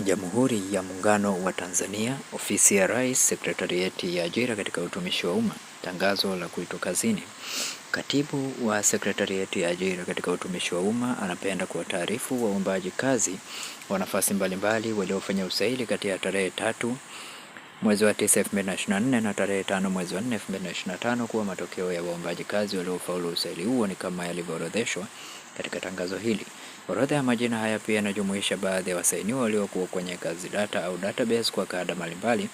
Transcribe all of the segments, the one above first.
Jamhuri ya Muungano wa Tanzania, Ofisi ya Rais, Sekretarieti ya Ajira katika Utumishi wa Umma, tangazo la kuitwa kazini. Katibu wa Sekretarieti ya Ajira katika Utumishi wa Umma anapenda kuwataarifu waombaji kazi wa nafasi mbalimbali waliofanya usaili kati ya tarehe tatu mwezi wa 9 2024 na tarehe 5 mwezi wa 4 2025 kuwa matokeo ya waombaji kazi waliofaulu usaili huo ni kama yalivyoorodheshwa katika tangazo hili. Orodha ya majina haya pia inajumuisha baadhi ya wasainiwa waliokuwa kwenye kazi data au database kwa kada mbalimbali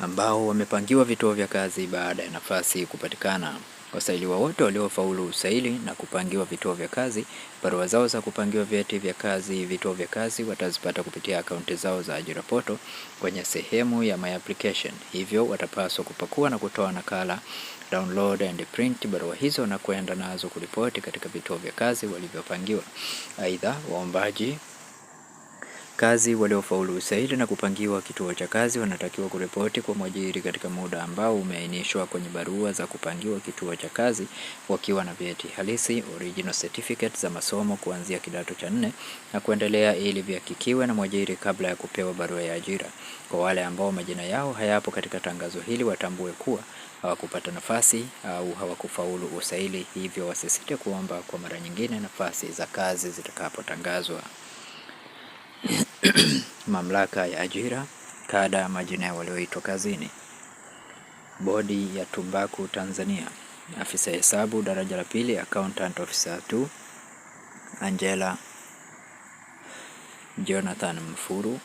ambao wamepangiwa vituo vya kazi baada ya nafasi kupatikana. Wasailiwa wote waliofaulu usaili na kupangiwa vituo vya kazi, barua zao za kupangiwa vyeti vya kazi vituo vya kazi watazipata kupitia akaunti zao za ajira poto kwenye sehemu ya my application. Hivyo watapaswa kupakua na kutoa nakala, download and print barua hizo na kwenda nazo kuripoti katika vituo vya kazi walivyopangiwa. Aidha, waombaji Kazi waliofaulu usaili na kupangiwa kituo cha kazi wanatakiwa kuripoti kwa mwajiri katika muda ambao umeainishwa kwenye barua za kupangiwa kituo cha kazi wakiwa na vyeti halisi original certificate za masomo kuanzia kidato cha nne na kuendelea ili vihakikiwe na mwajiri kabla ya kupewa barua ya ajira. Kwa wale ambao majina yao hayapo katika tangazo hili watambue kuwa hawakupata nafasi au hawakufaulu usaili, hivyo wasisite kuomba kwa mara nyingine nafasi za kazi zitakapotangazwa. Mamlaka ya Ajira, kada majina ya walioitwa kazini, Bodi ya Tumbaku Tanzania, afisa hesabu daraja la pili, accountant officer 2, Angela Jonathan Mfuru,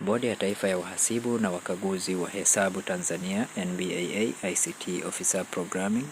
Bodi ya Taifa ya Wahasibu na Wakaguzi wa Hesabu Tanzania, NBAA ICT officer programming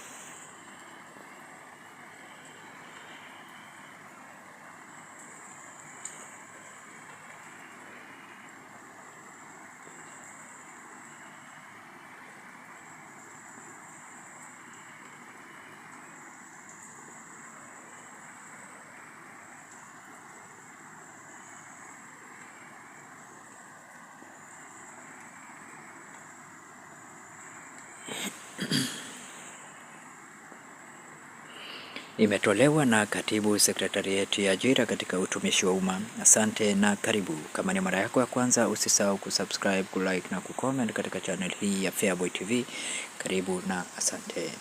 Imetolewa na katibu sekretarieti ya ajira katika utumishi wa umma. Asante na karibu. Kama ni mara yako ya kwanza, usisahau kusubscribe, kulike na kucomment katika channel hii ya Feaboy TV. Karibu na asante.